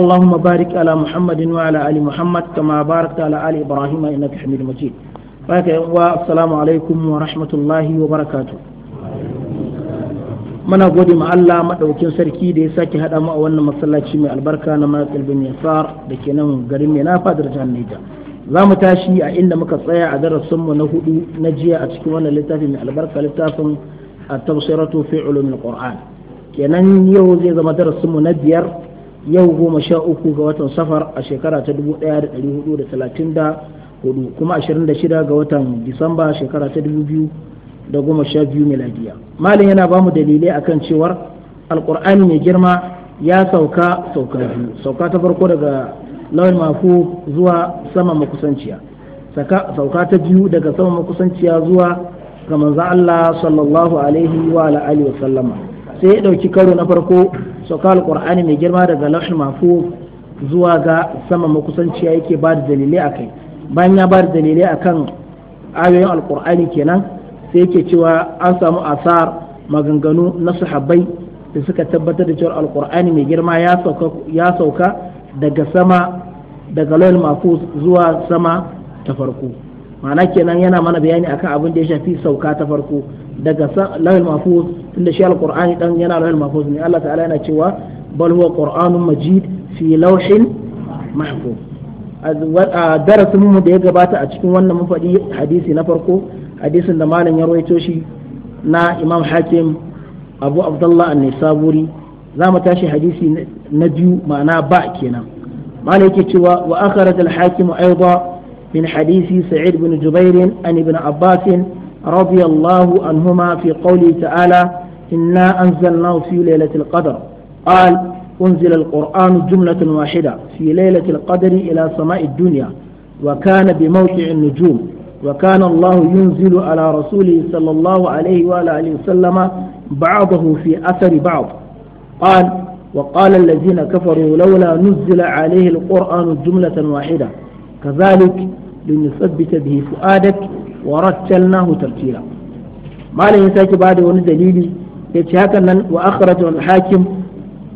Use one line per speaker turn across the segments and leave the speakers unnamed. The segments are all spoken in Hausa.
اللهم بارك ala محمد وعلى آل محمد كما باركت على آل إبراهيم إنك حميد مجيد السلام wa ورحمة الله وبركاته muna gode ma Allah maɗaukin sarki da ya sake haɗa mu a wannan masallaci mai albarka na Michael bin Yasar da kenan garin mai nafa da jihar Niger. Za mu tashi a inda muka tsaya a darasin mu na hudu na jiya a cikin wannan littafi mai albarka littafin a tafsiratu fi ulumil Qur'an. Kenan yau zai zama darasin mu na biyar yau goma sha uku ga watan safar a shekara ta dubu da da da hudu talatin hudu kuma ashirin da shida ga watan disamba shekara ta dubu biyu da goma sha biyu miladiya malin yana ba mu dalilai akan cewar alkur'ani mai girma ya sauka sauka biyu sauka ta farko daga lawan mafu zuwa sama makusanciya sauka ta biyu daga sama makusanciya zuwa ga manzo Allah sallallahu alaihi wa alihi wa sallama sai ya dauki karo na farko sauka alqur'ani mai girma daga lauhul mahfuz zuwa ga sama makusanciya yake ba da dalilai kai bayan ya ba da dalilai kan ayoyin alqur'ani kenan sai yake cewa an samu asar maganganu na sahabbai da suka tabbatar da cewa alqur'ani mai girma ya sauka daga sama daga zuwa sama ta farko ma'ana kenan yana mana bayani akan abin da ya shafi sauka ta farko daga lahul mahfuz tunda shi alqur'ani dan yana lahul mahfuz ne Allah ta'ala yana cewa bal huwa qur'anun majid fi lawhin mahfuz a darasin mu da ya gabata a cikin wannan mun faɗi hadisi na farko hadisin da malam ya rawaito shi na imam hakim abu abdullah an-nisaburi za mu tashi hadisi na biyu ma'ana ba kenan malam yake cewa wa akhraj al-hakim ayuba. من حديث سعيد بن جبير عن ابن عباس رضي الله عنهما في قوله تعالى إنا أنزلناه في ليلة القدر قال أنزل القرآن جملة واحدة في ليلة القدر إلى سماء الدنيا وكان بموقع النجوم وكان الله ينزل على رسوله صلى الله عليه وآله وسلم بعضه في أثر بعض قال وقال الذين كفروا لولا نزل عليه القرآن جملة واحدة كذلك لنثبت به فؤادك ورتلناه ترتيلا ما لن يساك بعد وني دليلي يتهاكنا وأخرج الحاكم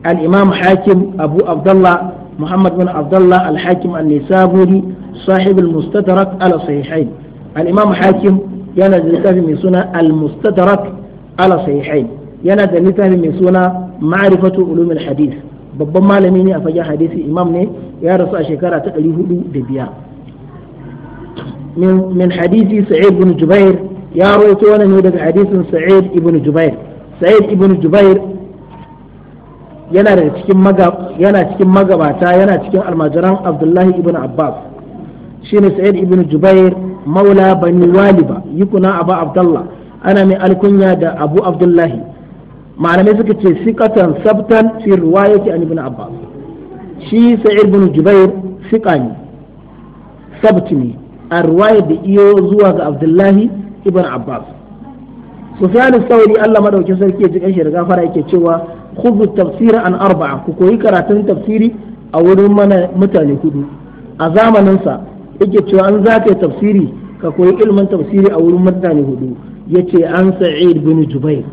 الإمام حاكم أبو عبد الله محمد بن عبد الله الحاكم النسابوري صاحب المستدرك على الصحيحين الإمام حاكم yana da littafi mai suna al-mustadrak ala sahihain yana da littafi mai suna ma'rifatu ulumul hadith babban malami ne a fagen hadisi imam ne ya rasu a shekara ta 405 min hadisi sa'id bin jubair ya ne daga hadisin sa'id ibn jubair sa'id yana daga cikin yana cikin magabata yana cikin almajiran abdullahi ibn abbas shine sa'id ibn jubair maula bani waliba yukuna abu abdullah ana mai alkunya da abu abdullahi malamai suka ce sikatan sabtan fi riwayati an ibn shi sa'id ibn jubair siqa ne a ruwaya da iyo zuwa ga abdullahi ibn abbas sufyan sauri Allah madaukin sarki ya ji kanshi da gafara yake cewa khudhu tafsira an arba'a ku koyi karatun tafsiri a wurin mana mutane hudu a zamanin sa yake cewa an zaka tafsiri ka koyi ilmin tafsiri a wurin mutane hudu yace an sa'id bin jubair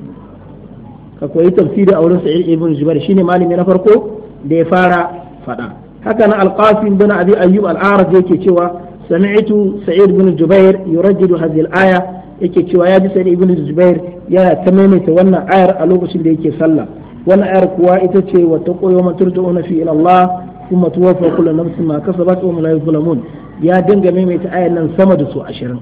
ka koyi tafsiri a wurin sa'id ibn jubair shine malami na farko da ya fara fada haka na alqasim bin abi ayyub al yake cewa سمعت سعيد بن الجبير يردد هذه الآية yake cewa ya ji sai ibn zubair yana ta maimaita wannan ayar a lokacin da yake sallah wannan ayar kuwa ita ce wa taqu yawma turja'una fi ila Allah kuma tuwaffa kullu nafsin ma kasabat wa la ya dinga maimaita ayar nan sama da su 20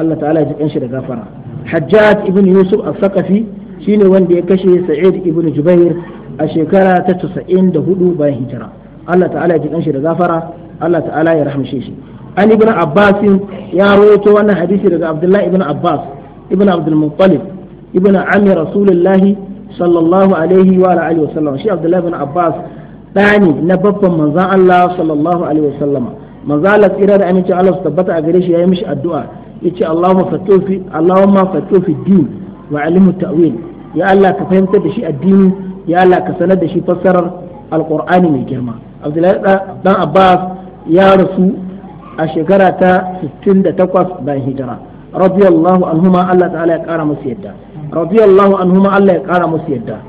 Allah ta'ala ya ji da gafara Hajjat ibn Yusuf a sakafi shine wanda ya kashe Sa'id ibn Jubair a shekara ta 94 bayan hijira Allah ta'ala ya ji da gafara Allah ta'ala ya rahmshe shi an ibn abbas ya rawaito wannan hadisi daga abdullahi ibn abbas ibn abdul muttalib ibn ammi rasulullahi sallallahu alaihi wa alihi wa sallam shi abdullahi ibn abbas dani na babban manzon Allah sallallahu alaihi wa sallama manzo Allah tsira da amincin Allah su tabbata a gare shi yayi mishi addu'a yace Allahumma fatofi fi Allahumma fatu din wa alimu ta'wil ya Allah ka fahimtar da shi addini ya Allah ka sanar da shi fassarar alqur'ani mai girma Abdullahi dan Abbas ya rasu a shekara ta 68 bayan hijira radiyallahu anhuma Allah ta'ala ya kara musu yadda radiyallahu anhuma Allah ya kara musu yadda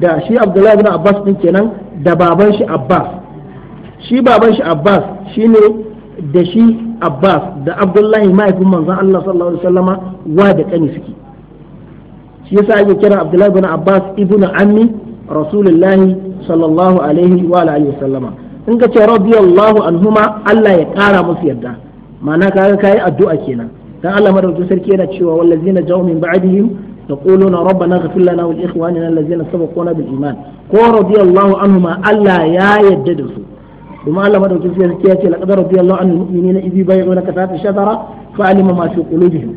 da shi Abdullahi bin Abbas din kenan da baban shi Abbas shi baban shi Abbas shine da shi Abbas da Abdullahi mahaifin manzon Allah sallallahu alaihi wasallama wa da kani suke shi yasa ake kira Abdullahi bin Abbas ibnu ammi rasulullahi sallallahu alaihi wa alihi wasallama in ka ce radiyallahu anhuma Allah ya kara musu yarda ma'ana ka kayi kai addu'a kenan dan Allah madaukakin sarki yana cewa wallazina ja'u min ba'dihim yaquluna rabbana ighfir lana wa li ikhwanina allazina sabaquna bil iman ko radiyallahu anhuma Allah ya yarda da su kuma Allah na sarki ya ce laqad radiyallahu anil mu'minina idh bay'una ka fata shadara fa alima ma fi qulubihim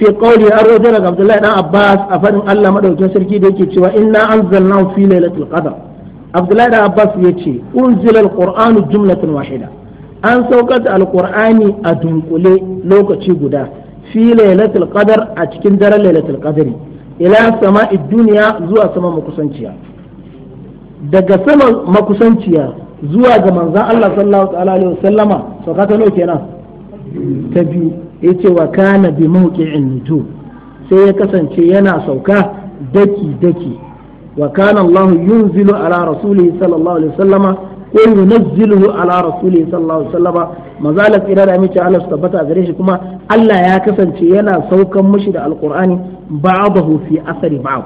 في قول أروج عبد الله بن عباس أفن الله مدعو تنسر كي بيكي إنا أنزلناه في ليلة القدر abdullahi da abbas ya ce unzilal alqur'anu jumlatin wahida an saukar da alqur'ani a dunkule lokaci guda fi lailatul qadar a cikin daren lailatul qadari ila sama'i duniya zuwa sama makusanciya daga sama makusanciya zuwa ga manzan Allah sallallahu alaihi wasallama kenan ta biyu ce wa kana bi mawqi'in nujum sai ya kasance yana sauka daki daki وكان الله ينزل على رسوله صلى الله عليه وسلم وينزله على رسوله صلى الله عليه وسلم ما زالت إرادة ميتة على استبتع غريش كما ألا ياكسا شيئنا سوكا مشد القرآن بعضه في أثر بعض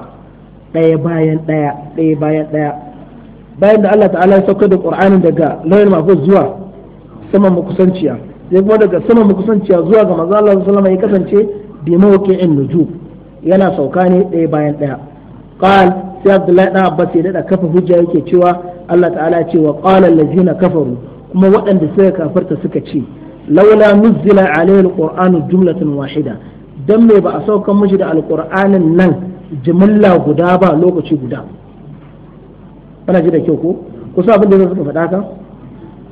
ɗaya bayan ɗaya ɗaya bayan ɗaya bayan da Allah ta'ala ya saukar da Qur'anin daga lauyin mafuz zuwa sama makusanciya sai kuma daga sama makusanciya zuwa ga manzo Allah sallallahu ya kasance bi mawqi'in nujub yana sauka ne ɗaya bayan ɗaya qal sai abdullahi dan abbas ya dada kafa hujja yake cewa Allah ta'ala ce wa qala allazina kafaru kuma waɗanda suka kafarta suka ce laula nuzila alayhi alqur'anu jumlatan wahida dan me ba a sauka mishi da alqur'anin nan jumla guda ba lokaci guda kana ji da kyau ko sa abin da suka faɗa ka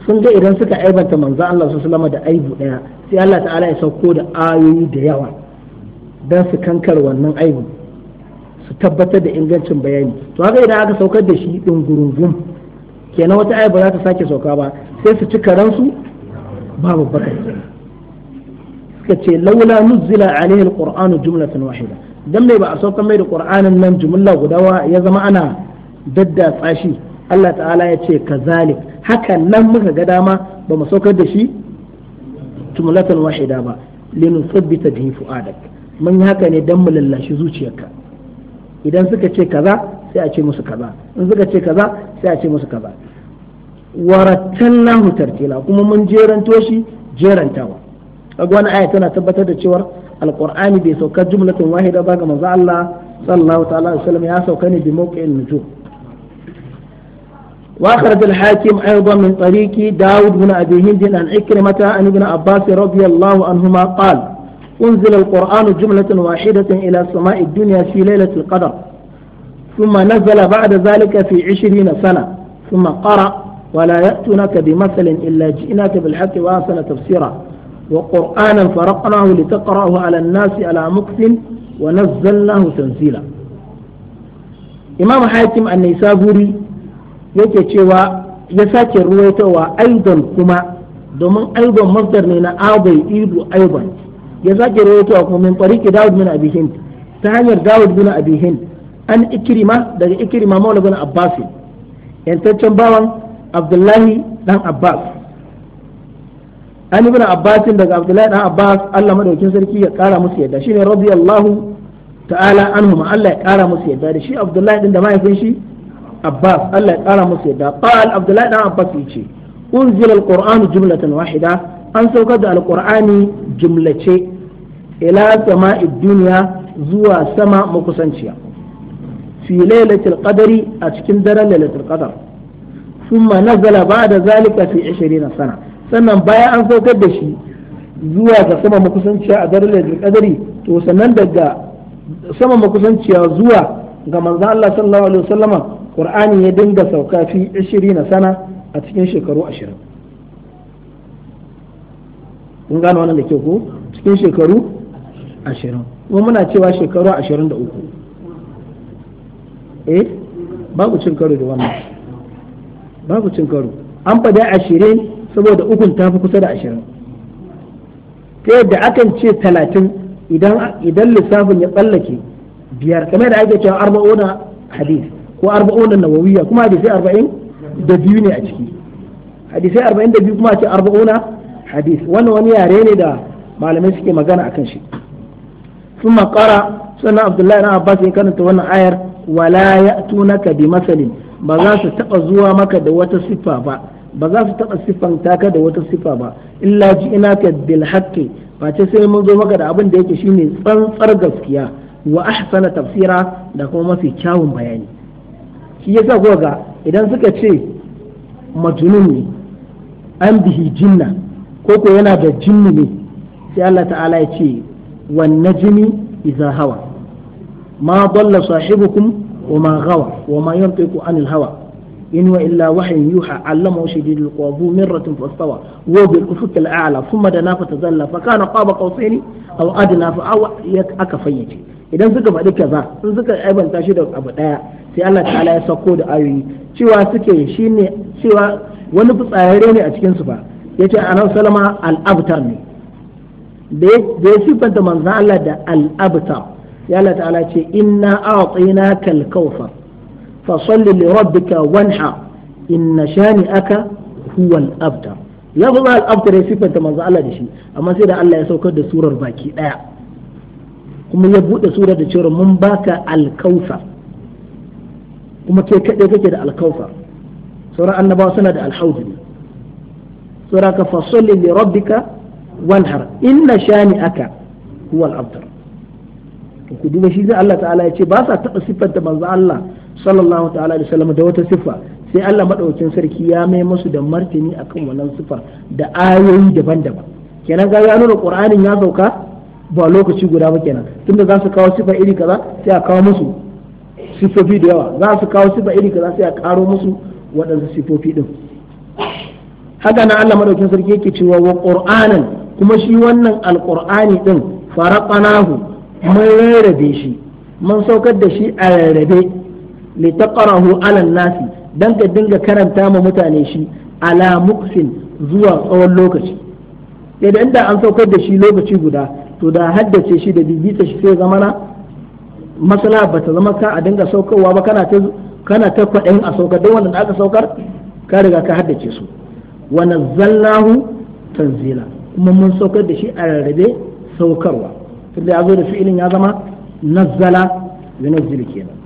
sun ga idan suka aibanta manzo Allah sallallahu da aibu daya sai Allah ta'ala ya sauko da ayoyi da yawa dan su kankar wannan aibin su tabbatar da ingancin bayani to haka idan aka saukar da shi ɗungurungun kenan wata aya ba za ta sake sauka ba sai su ci karansu babu bakar suka ce laula nuzila alaihi alqur'anu jumlatan wahida dan mai ba a saukar mai da qur'anin nan jumla guda ya zama ana dadda tsashi Allah ta'ala ya ce kazalik hakan nan muka ga dama ba mu saukar da shi jumlatan wahida ba sabbita bihi fu'adak mun haka ne dan mu lallashi zuciyarka idan suka ce kaza sai a ce musu kaza in suka ce kaza sai a ce musu kaza warattallahu tartila kuma mun jeranto shi jerantawa kaga wani aya tana tabbatar da cewa alqur'ani bai sauka jumlatun wahida ba ga manzo Allah sallallahu ta'ala alaihi wasallam ya sauka ne bi mawqi'in nujum وأخرج الحاكم أيضا من طريق داود بن أبي هند عن عكرمة عن ابن عباس رضي الله عنهما قال أنزل القرآن جملة واحدة إلى سماء الدنيا في ليلة القدر ثم نزل بعد ذلك في عشرين سنة ثم قرأ ولا يأتونك بمثل إلا جئناك بالحق وأحسن تفسيرا وقرآنا فرقناه لتقرأه على الناس على مكث ونزلناه تنزيلا إمام حاتم النيسابوري yake cewa ya sake ruwaitowa aidan kuma domin aidan masdar ne na abai idu aidan ya sake rawaitowa kuma min tariqi Dawud bin Abi Hind ta hanyar Dawud bin Abi Hind an Ikrima daga Ikrima Maula bin Abbas yantaccen bawan Abdullahi dan Abbas an ibn Abbas daga Abdullahi dan Abbas Allah madaukin sarki ya kara musu yadda shine radiyallahu ta'ala anhum Allah ya kara musu yadda da shi Abdullahi din da mahaifin shi Abbas Allah ya kara musu yadda qal Abdullahi dan Abbas yace unzila al-Qur'an jumlatan wahida an saukar da al-Qur'ani jumlace ila sama'i duniya zuwa sama makusanciya fi lailatul qadari a cikin daren lailatul qadar thumma nazala ba'da zalika fi 20 sana sannan bayan an saukar da shi zuwa ga sama makusanciya a daren lailatul qadari to sannan daga sama makusanciya zuwa ga manzon Allah sallallahu alaihi wasallama qur'ani ya dinga sauka fi 20 sana a cikin shekaru 20 kun gano wannan da ke ko cikin shekaru ashirin kuma muna cewa shekaru ashirin da uku eh babu cin karo da wannan babu cin karo an fada ashirin saboda ukun ta fi kusa da ashirin ta yadda akan ce talatin idan lissafin ya tsallake biyar kamar da ake cewa arba'una hadis ko arba'una nawawiya kuma hadisai arba'in da biyu ne a ciki hadisai arba'in da biyu kuma a ce arba'una hadis wannan wani yare ne da malamai suke magana akan shi ثم قرا سنة عبد الله بن عباس ان كانت وانا اير ولا ياتونك بمثل ما ba za su taba دوات الصفه با ما زاس تبقى الصفه تاكا دوات الصفه با الا جئناك sai mun zo maka da abin da yake shine tsantsar gaskiya wa ahsana tafsira da kuma mafi kyawun bayani shi yasa kuwa ga idan suka ce majnun ne an bihi jinna ko ko yana da jinni ne sai Allah ta'ala ya ce والنجم إذا هوى ما ضل صاحبكم وما غوى وما ينطق عن الهوى إن وإلا وحي يوحى علمه شديد القوى ذو مرة فاستوى وهو بالأفق الأعلى ثم دنا فتزلى فكان قاب قوسين أو أدنى فأوى أكفيتي idan suka faɗi kaza in suka aibanta shi da abu ɗaya sai Allah ta'ala ya sauko da ayoyi cewa suke shine cewa wani fitsararre ne a cikin su ba yace anan salama al-abtar ne da ya siffanta manzan Allah da al'abtar ya Allah ta'ala ce inna a'tina kal kawfar fa salli li rabbika wanha inna shani'aka huwa al-abtar ya fi al-abtar ya siffanta manzan Allah da shi amma sai da Allah ya saukar da surar baki daya kuma ya bude surar da cewa mun baka al-kawfar kuma kai kadai kake da al-kawfar sauran annabawa suna da al-hawd ne sauraka fa salli li rabbika wanhar inna shani aka huwa al-abtar to ku duba shi zai Allah ta'ala ya ce ba sa taɓa siffanta manzo Allah sallallahu ta'ala alaihi wasallam da wata siffa sai Allah madaukakin sarki ya mai musu da martini akan wannan siffa da ayoyi daban-daban kenan ga ya nuna qur'anin ya sauka ba lokaci guda ba kenan tunda za su kawo siffa iri kaza sai a kawo musu siffofi da yawa za su kawo siffa iri kaza sai a karo musu waɗansu siffofi din haka nan Allah madaukakin sarki yake cewa wa qur'anan kuma shi wannan alqur'ani din faraqanahu mun rarrabe shi mun saukar da shi a rarrabe li taqrahu ala nasi dan ka dinga karanta ma mutane shi ala muksin zuwa tsawon lokaci idan da an saukar da shi lokaci guda to da haddace shi da bibita shi sai zamana masala ba zama ka a dinga saukarwa ba kana ta kana ta kwadin a saukar don wanda aka saukar ka riga ka haddace su wa nazzalnahu tanzila kuma mun saukar da shi a rarrabe saukarwa tunda ya zo da fi'ilin ya zama nazzala yunazzil kenan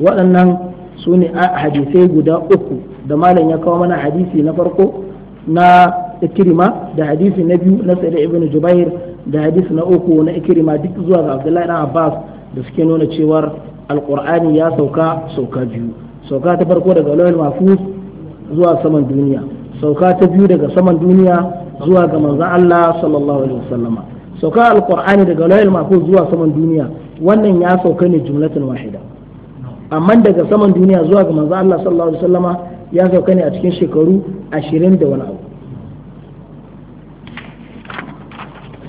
waɗannan su ne hadisai guda uku da malam ya kawo mana hadisi na farko na ikirima da hadisi na biyu na sa'id ibn jubair da hadisi na uku na ikirima duk zuwa ga abdullahi dan abbas da suke nuna cewar alƙur'ani ya sauka sauka biyu sauka ta farko daga lawal mafus zuwa saman duniya sauka ta biyu daga saman duniya zuwa ga manzon Allah sallallahu alaihi wasallama sauka alkur'ani daga lauhil mahfuz zuwa saman duniya wannan ya sauka ne jumlatan wahida amma daga saman duniya zuwa ga manzon Allah sallallahu alaihi wasallama ya sauka ne a cikin shekaru ashirin da wani abu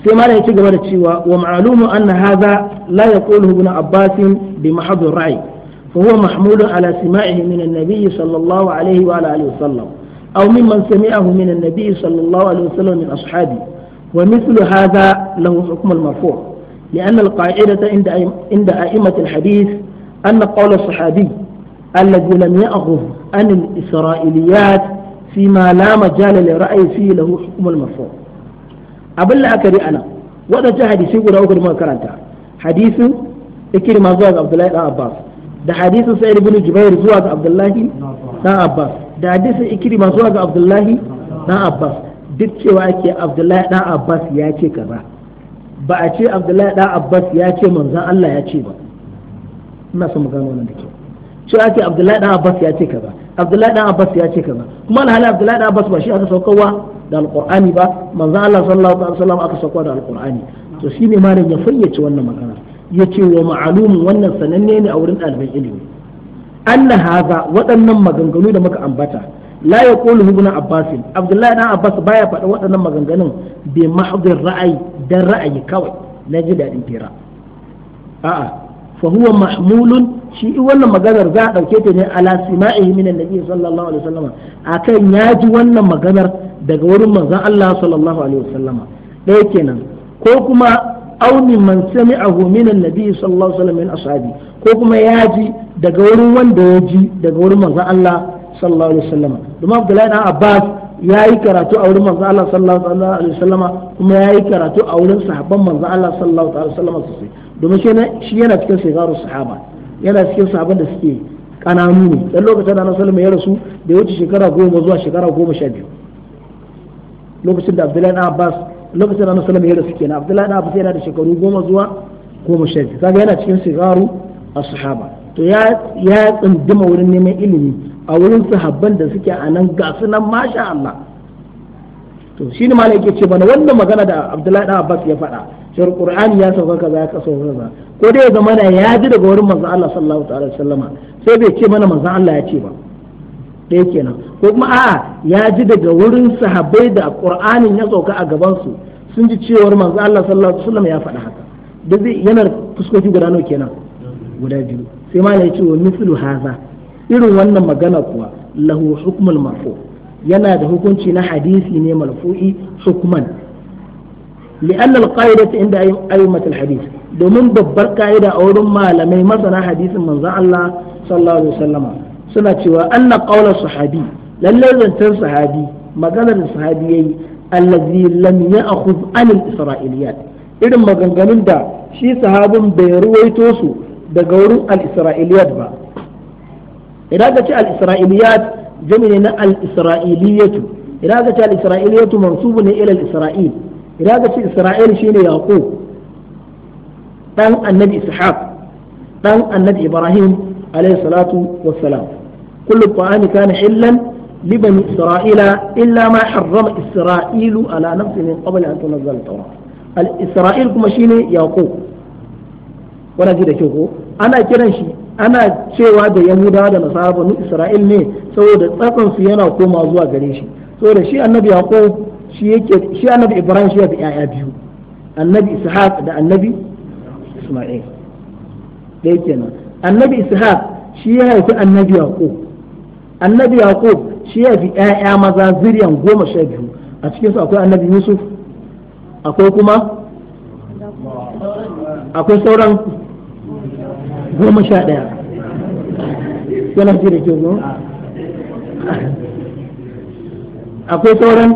sai ma ya ci gaba da cewa wa ma'lumu anna hadha la yaqulu ibn abbas bi mahdhur ra'i فهو محمول على سماعه من النبي صلى الله عليه وعلى اله وسلم أو ممن سمعه من النبي صلى الله عليه وسلم من أصحابه ومثل هذا له حكم المرفوع لأن القاعدة عند أئمة الحديث أن قول الصحابي الذي لم يأخذ عن الإسرائيليات فيما لا مجال لرأي فيه له حكم المرفوع abin la'akari ana waɗancan hadisai guda uku da muka karanta hadisin ikirma zuwa ga abdullahi dan abbas da hadisin sa'id ibn jubair zuwa ga abdullahi dan abbas da hadisin ikrima zuwa ga abdullahi dan abbas duk cewa ake abdullahi dan abbas ya ce kaza ba a ce abdullahi dan abbas ya ce manzon allah ya ce ba ina son mu gano wannan da ke cewa ake abdullahi dan abbas ya ce kaza abdullahi dan abbas ya ce kaza kuma alhali abdullahi dan abbas ba shi aka saukowa da alqur'ani ba manzon allah sallallahu alaihi wasallam aka saukowa da alqur'ani to shine malam ya fayyace wannan magana yace wa ma'lumun wannan sananne ne a wurin dalibin ilimi an haza waɗannan maganganu da muka ambata la ya qulu ibn abbas abdullahi dan abbas baya faɗa waɗannan maganganun bi mahdhir ra'ayi dan ra'ayi kawai na ji dadin fira a'a fa huwa mahmulun shi wannan maganar za a dauke ta ne ala sima'ihi min annabi sallallahu alaihi wasallam akan ya ji wannan maganar daga wurin manzon Allah sallallahu alaihi wasallama ɗaya kenan ko kuma aw mimman sami'ahu min annabi sallallahu alaihi wasallam min ashabi ko kuma ya ji daga wurin wanda ya ji daga wurin manzon Allah sallallahu alaihi wasallam domin Abdullahi dan Abbas ya yi karatu a wurin manzon Allah sallallahu alaihi wasallam kuma ya yi karatu a wurin sahabban manzon Allah sallallahu alaihi wasallam sosai domin shi yana cikin sigaru sahaba yana cikin sahabban da suke kananu ne dan lokacin da Annabi sallallahu ya rasu da ya wuce shekara goma zuwa shekara goma sha biyu lokacin da Abdullahi Abbas lokacin annabi sallallahu alaihi wasallam kenan abdullahi ibn yana da shekaru goma zuwa goma sha biyu kaga yana cikin sigaru a sahaba to ya tsindima wurin neman ilimi a wurin sahabban da suke a nan ga su nan masha Allah to shi ne malai yake ce bana wannan magana da abdullahi dan abbas ya faɗa shar qur'ani ya sauka kaza ya kaso kaza ko dai ya zama ya ji daga wurin manzon Allah sallallahu alaihi wasallama sai bai ce mana manzo Allah ya ce ba ɗaya kenan ko kuma a'a ya ji daga wurin sahabbai da qur'anin ya sauka a gaban su sun ji cewar manzo Allah sallallahu alaihi wasallam ya faɗa haka duk zai yana fuskoki guda nawa kenan guda biyu sai ma ya ce wa mislu haza irin wannan magana kuwa lahu hukmul marfu yana da hukunci na hadisi ne marfu'i hukman لأن القاعدة عند أئمة الحديث domin babbar ka'ida a wurin malamai masana hadisin manzon Allah sallallahu alaihi wasallama suna cewa anna ƙaunar sahabi lallai zancen sahabi maganar sahabi yayi allazi lam ya'khudh an al-isra'iliyat irin maganganun da shi sahabin bai ruwaito su daga wurin al-isra'iliyat ba idan ka ce al-isra'iliyat jami'i na al-isra'iliyatu idan ka ce al-isra'iliyatu mansubu ne ila al-isra'il idan ka ce isra'il shine yaqub dan annabi ishaq dan annabi ibrahim عليه الصلاة والسلام كل الطعام كان حلا لبني إسرائيل إلا ما حرم إسرائيل على نفسه من قبل أن تنزل التوراة الإسرائيل كما يعقوب ولا جدا كيفو أنا كيران أنا cewa da yahuda da nasara banu isra'il ne saboda tsatsan su yana koma zuwa gare shi saboda shi annabi shi yake ibrahim shi ya fi yaya biyu annabi ishaq da annabi isma'il annabi ishaq shi ya haifi annabi yaqub annabi yaqub shi ya fi ƴaƴa maza zuriyan goma sha biyu a cikin su akwai annabi yusuf akwai kuma
akwai sauran goma sha ɗaya yana ji da kyau
akwai sauran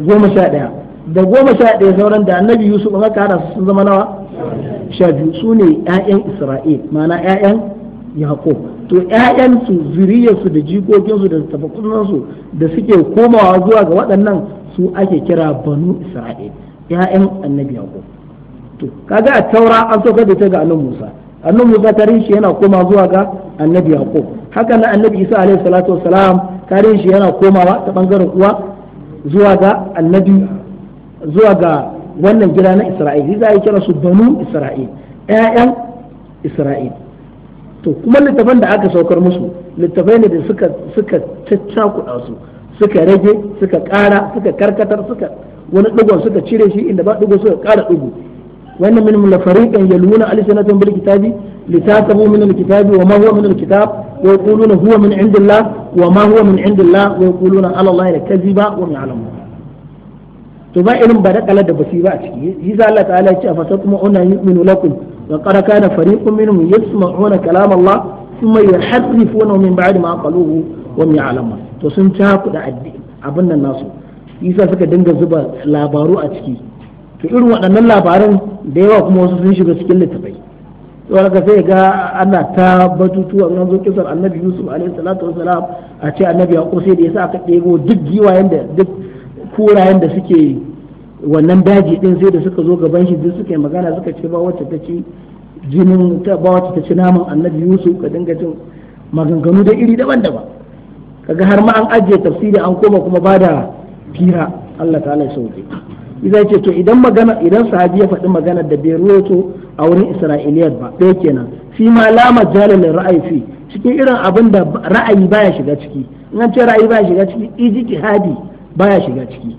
goma sha ɗaya da goma sha ɗaya sauran da annabi yusuf an haka hada sun zama nawa sha biyu su ne ‘ya'yan isra'il mana ‘ya'yan yaƙob to ‘ya'yansu zuriyarsu da jikokinsu da tafakunansu da suke komawa zuwa ga waɗannan su ake kira banu isra'il ‘ya'yan annabi yaƙob to kaga a taura an so da ta ga annabi musa annabi musa tarin shi yana komawa zuwa ga annabi yaƙob haka na annabi isa alaihi salatu wassalam tarin shi yana komawa ta bangaren uwa zuwa ga annabi zuwa ga wannan gida na isra'il za a kira su banu isra'il ƴaƴan isra'il to kuma littafan da aka saukar musu littafai ne da suka suka caccakuɗa su suka rage suka ƙara suka karkatar suka wani ɗigon suka cire shi inda ba ɗigo suka ƙara ɗigo wannan min mulafariqan yaluna alsanatan bil kitabi litasabu min al kitabi wa ma huwa min al kitab wa yaquluna huwa min indillah wa ma huwa min indillah wa yaquluna ala allahi al kadhiba wa ya'lamun to ba irin ba da kala da basi ba a ciki yi za Allah ta'ala ya ce fa tatma unna yu'minu lakum wa qad kana fariqun minhum yasma'una kalam Allah thumma yuharrifuna min ba'di ma qaluhu wa hum ya'lamun to sun cakuda addini abin nan nasu yasa suka dinga zuba labaru a ciki to irin waɗannan labaran da yawa kuma wasu sun shiga cikin littafai wani ka sai ga ana ta batutuwa a zo kisar annabi yusuf alaihi salatu wasalam a ce annabi ya sai da yasa aka ɗebo duk giwayen da duk kurayen da suke wannan daji din sai da suka zo gaban shi duk suka yi magana suka ce ba wacce ta ci jinin ta ba wacce ta ci naman annabi yusuf ka dinga jin maganganu da iri daban-daban kaga har ma an ajiye tafsiri an koma kuma ba da fira Allah ta'ala ya sauke idan ce to idan magana idan sahabi ya faɗi magana da bai ruwaito a wurin isra'iliyat ba ɗaya kenan fi ma la majalil ra'ayi fi cikin irin abin da ra'ayi baya shiga ciki in an ce ra'ayi baya shiga ciki ijtihadi baya shiga ciki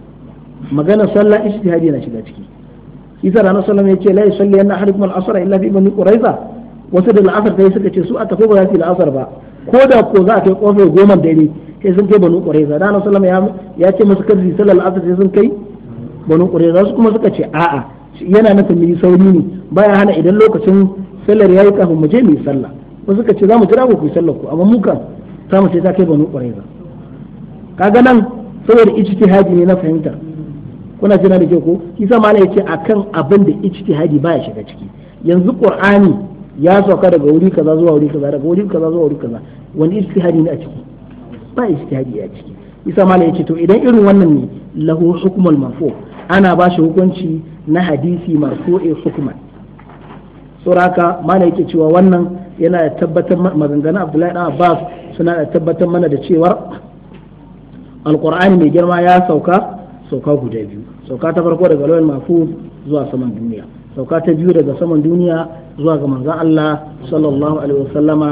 magana sallah ijtihadi na shiga ciki isa ranar sallah ya ce la yusalli anna ahadukum al-asr illa bi bani quraiza wasu da la'asar dai suka ce su aka ko ba za su yi la'asar ba ko da ko za a kai kofe goma dare sai sun kai bani quraiza ranar sallah ya ce musu sallah al la'asar sai sun kai bani quraiza su kuma suka ce a'a yana nufin mu sauri ne baya hana idan lokacin sallar yayi kafin mu je mu yi sallah wasu suka ce za mu jira ku ku yi sallar ku amma mu kan za mu ce ta kai bani quraiza kaga nan saboda ijtihadi ne na fahimta kuna jina da kyau ko kisa mala yace akan abin da ijtihadi baya shiga ciki yanzu qur'ani ya sauka daga wuri kaza zuwa wuri kaza daga wuri kaza zuwa wuri kaza wani ijtihadi ne a ciki ba ijtihadi a ciki isa mala yace to idan irin wannan ne lahu hukmul marfu ana ba shi hukunci na hadisi marfu'i hukman sauraka mala yake cewa wannan yana tabbatar maganganun Abdullahi dan Abbas suna tabbatar mana da cewar alkur'ani mai girma ya sauka sauka guda biyu sauka ta farko daga lawal mafu zuwa saman duniya sauka ta biyu daga saman duniya zuwa ga manzon Allah sallallahu alaihi wasallama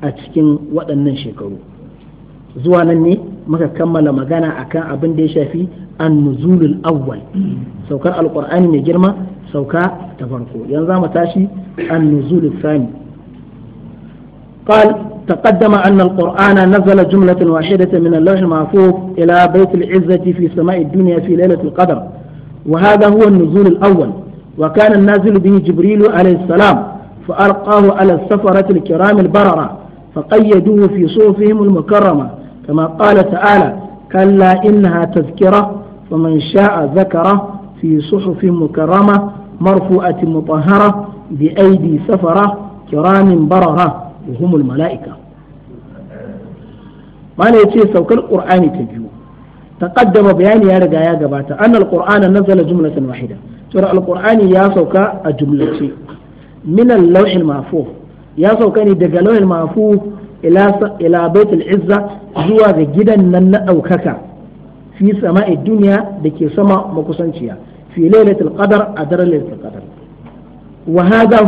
a cikin waɗannan shekaru zuwa nan ne muka kammala magana akan abin da ya shafi an-nuzulul awwal saukar alƙur'ani mai girma sauka ta farko yanzu mu tashi an-nuzulul thani قال تقدم أن القرآن نزل جملة واحدة من اللوح المحفوظ إلى بيت العزة في سماء الدنيا في ليلة القدر وهذا هو النزول الأول وكان النازل به جبريل عليه السلام فألقاه على السفرة الكرام البررة فقيدوه في صوفهم المكرمة كما قال تعالى كلا إنها تذكرة فمن شاء ذكره في صحف مكرمة مرفوعة مطهرة بأيدي سفرة كرام بررة humul mala'ika malai yace saukar qur'ani ta biyu ta taqaddama bayani ya riga ya gabata annal qur'ana nazala jumlatan wahida to alqur'ani ya sauka a jumlace min al-lawh al ya sauka ne daga lawh mafu mahfuz ila ila bait al-izza zuwa ga gidan nan na daukaka fi sama'i duniya da ke sama makusanciya fi a daren lailatul qadar wa hadha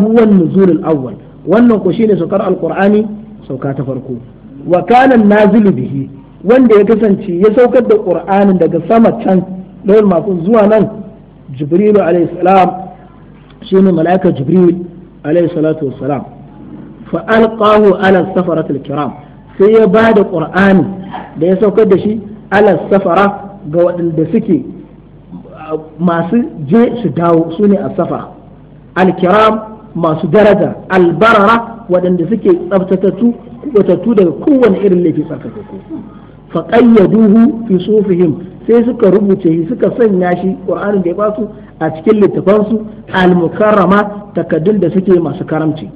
wannan ko shine saukar alqur'ani sauka ta farko wa kana nazilu bihi wanda ya kasance ya saukar da qur'anin daga sama can lawal mafun zuwa nan jibrilu alayhi salam shine malaika jibril alayhi salatu wassalam fa alqahu ala kiram sai ya ba da qur'ani da ya saukar da shi ala safara ga waɗanda suke masu je su dawo su ne a safa. alkiram masu daraja albarara waɗanda suke tsaftatattu kubatattu daga kowane irin laifi tsabtatattu fa qayyaduhu fi sufihim sai suka rubuce shi suka sanya shi ƙur'ani da ya basu a cikin littafansu al-mukarrama takaddun da suke masu karamci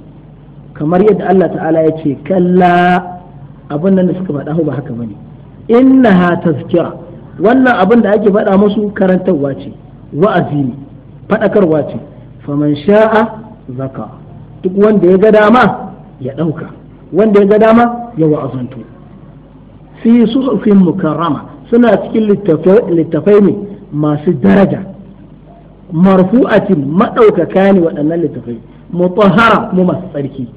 kamar yadda Allah ta'ala ya ce kalla abin nan da suka faɗa ba haka bane innaha tazkira wannan abin da ake faɗa musu karantarwa ce wa'azi ne faɗakarwa ce faman sha'a zaka duk wanda ya ga dama ya ɗauka wanda ya ga dama ya wa'azantu fi suhufin mukarrama suna cikin littafai ne masu daraja marfu'atin maɗaukaka ne waɗannan littafai mutahara mu masu tsarki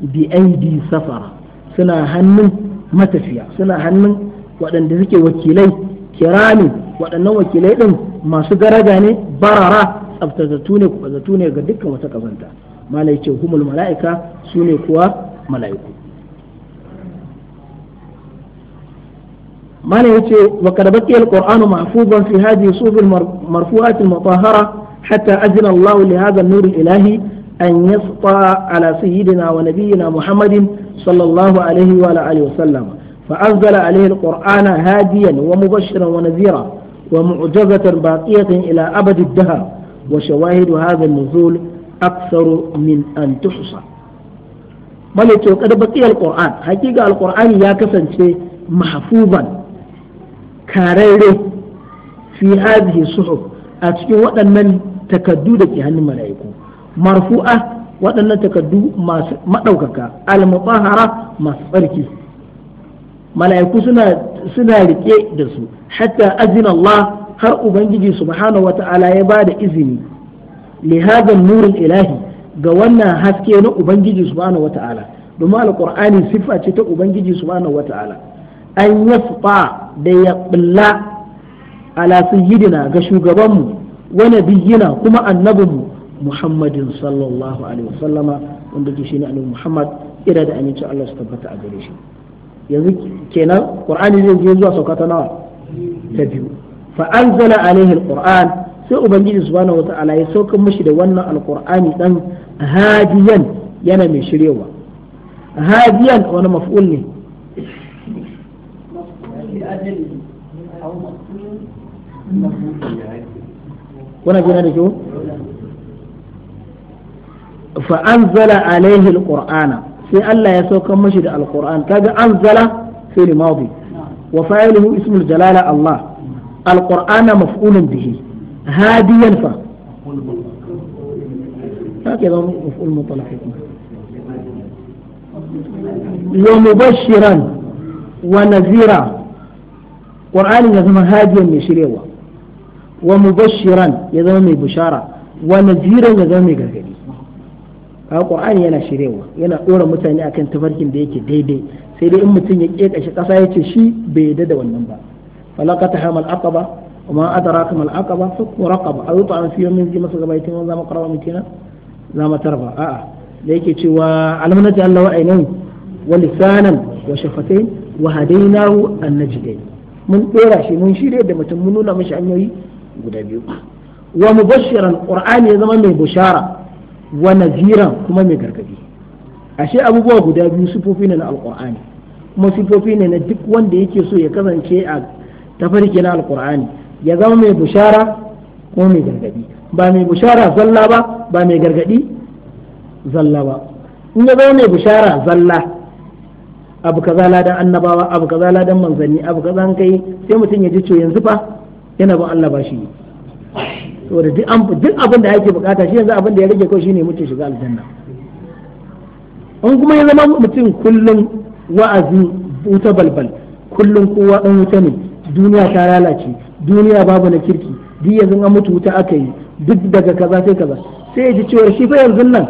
bi aidi safara suna hannun matafiya suna hannun waɗanda suke wakilai kirani waɗannan wakilai ɗin masu daraja ne barara tsaftatattu ne ku ne ga dukkan wata kazanta malai ce humul mala'ika su ne kuwa mala'iku malai yace wa kad baqiya alqur'anu mahfuzan fi haji sufin marfu'at mutahhara hatta ajna Allah li hadha an-nur ilahi an yasqa ala sayyidina wa nabiyyina Muhammadin sallallahu alaihi wa alihi wa sallam فأنزل عليه القرآن هاديا ومبشرا ونذيرا ومعجزة باقية إلى أبد الدهر وشواهد هذا النزول أكثر من أن تحصى ملك قد بقي القرآن حقيقة القرآن يا كسن محفوظا كاريري في هذه الصحف أتكي وأن تكدودك عن الملائكة مرفوعة waɗannan takardu masu maɗaukaka al-mutahara masu tsarki mala'iku suna suna rike da su hatta azina Allah har ubangiji subhanahu ta'ala ya ba da izini li hadha nurul ilahi ga wannan haske na ubangiji subhanahu wata'ala domin alqur'ani siffa ce ta ubangiji subhanahu ta'ala an yasfa da ya bulla ala sayyidina ga shugabanmu wa nabiyyina kuma annabinmu muhammadin sallallahu alaihi wasallama wanda ke shine annabi muhammad ira da aminci Allah su tabbata a gare shi yanzu kenan qur'ani zai je zuwa sauka ta nawa ta biyu fa anzala alaihi alquran sai ubangiji subhanahu wata'ala ya saukar mishi da wannan alqur'ani dan hadiyan yana mai shiryewa hadiyan wani maf'ul ne kuna gina da kyau fa anzala alaihi alqur'ana sai Allah ya saukar mishi da alqur'an kaga anzala fi'l madi wa fa'iluhu ismul jalala Allah alqur'ana maf'ulun bihi hadiyan fa هكذا مفعول مطلق
ومبشرا
ونذيرا قرآن يزم هاديا يشريوا ومبشرا يزم بشارة ونذيرا يزم غرغدي kawo ƙwa'ani yana shirewa yana ɗora mutane akan tafarkin da yake daidai sai dai in mutum ya ƙeƙashe ƙasa ya ce shi bai yarda da wannan ba فلا قتحم العقبة وما أدراك ما العقبة فك رقبة أو يطعم في يوم من ذي مسجد بيتين وذا مقرأ متينا ذا ما ترفع آه ليك تشوى علم نجعل له عينين ولسانا وشفتين وهديناه النجدين من دورا شي من شيري da mutum mun nuna mashi hanyoyi guda biyu wa mubashiran qur'ani ya zama mai bushara wa naziran kuma mai gargadi ashe abubuwa guda biyu sifofi ne na alqur'ani kuma ne na duk wanda yake so ya kasance a tafarki na alkur'ani ya zama mai bushara ko mai gargadi ba mai bushara zalla ba ba mai gargadi zalla ba in ya zama mai bushara zalla abu kaza ladan annabawa abu kaza ladan manzanni abu kaza an kai sai mutum ya ji to yanzu fa yana ba Allah ba shi saboda duk abin da yake bukata shi yanzu abin da ya rage ko shine mutum shiga aljanna in kuma ya zama mutum kullum wa'azi wuta balbal kullum kowa dan wuta ne duniya ta lalace duniya babu na kirki duk yanzu an mutu wuta aka yi duk daga kaza sai kaza sai ya ji cewa shi fa yanzu nan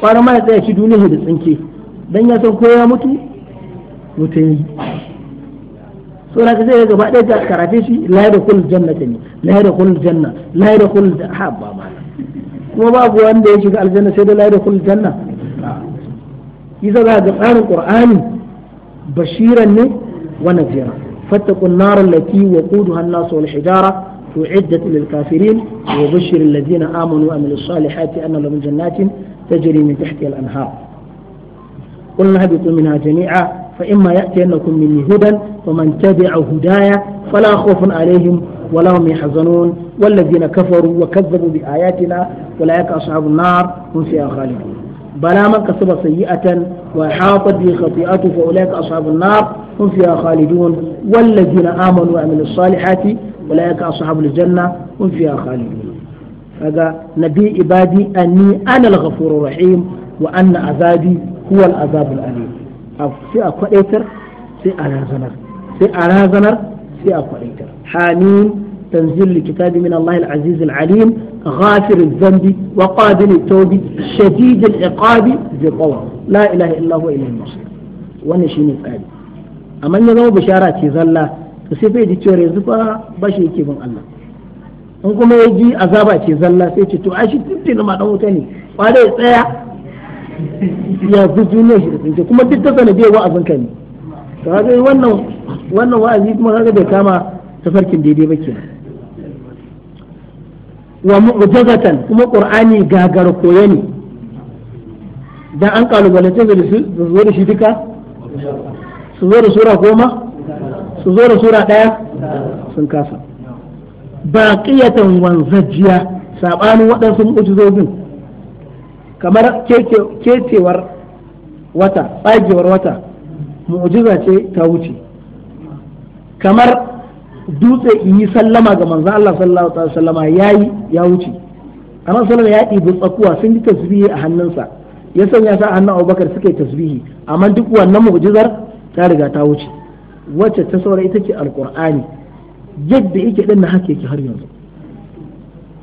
kwana ma ya tsaya shi duniya da tsinke dan ya san ko ya mutu wuta yi so na ka sai gaba ɗaya ta karafe shi la da kul janna ne la da kul janna la da kul habba ma kuma babu wanda ya shiga aljanna sai da la da kul janna yasa za ga tsarin qur'ani bashiran ne wa nazira فاتقوا النار التي وقودها الناس والحجارة أعدت للكافرين وبشر الذين آمنوا وعملوا الصالحات أن لهم جنات تجري من تحتها الأنهار قلنا هبطوا منها جميعا فإما يأتينكم مني هدى ومن تبع هدايا فلا خوف عليهم ولا هم يحزنون والذين كفروا وكذبوا بآياتنا أولئك أصحاب النار هم فيها خالدون بلا من كسب سيئة وحاطت به خطيئته فأولئك أصحاب النار هم فيها خالدون والذين آمنوا وعملوا الصالحات أولئك أصحاب الجنة هم فيها خالدون هذا نبي عبادي أني أنا الغفور الرحيم وأن عذابي هو العذاب الأليم في أكوئتر في أرازنر في أرازنر في أكوئتر حامين تنزيل الكتاب من الله العزيز العليم غافر الذنب وقابل التوب شديد العقاب ذي القوى لا إله إلا هو إليه المصير wannan shi ne tsari amma ya zama bishara ce zalla to sai bai ji cewa yanzu fa ba shi yake bin Allah in kuma ya ji azaba ce zalla sai ce to a shi tuntun ma dan wuta ne kwada ya tsaya ya bi duniya shi da kuma duk da ta bai wa'azin ka ne to kaga wannan wannan wa'azi kuma har bai kama tafarkin daidai ba kenan wa mu'jazatan kuma qur'ani gagar koya ne dan an kalubalance da zuwa da shi duka su zo da sura goma
su zo da sura ɗaya
sun kasa ƙiyatan wanzajiya saɓanin waɗansu mu'jizozin kamar kecewar wata tsagewar wata mu'jiza ce ta wuce kamar dutse yi sallama ga manzo Allah sallallahu alaihi wasallam yayi ya wuce amma sallama ya ɗibi tsakuwa sun yi tasbihi a hannunsa ya sanya sa hannun Abubakar suka yi tasbihi amma duk wannan mu'jizar ta riga ta wuce wacce ta saura ita ce alkur'ani yadda yake ɗin na haka yake har yanzu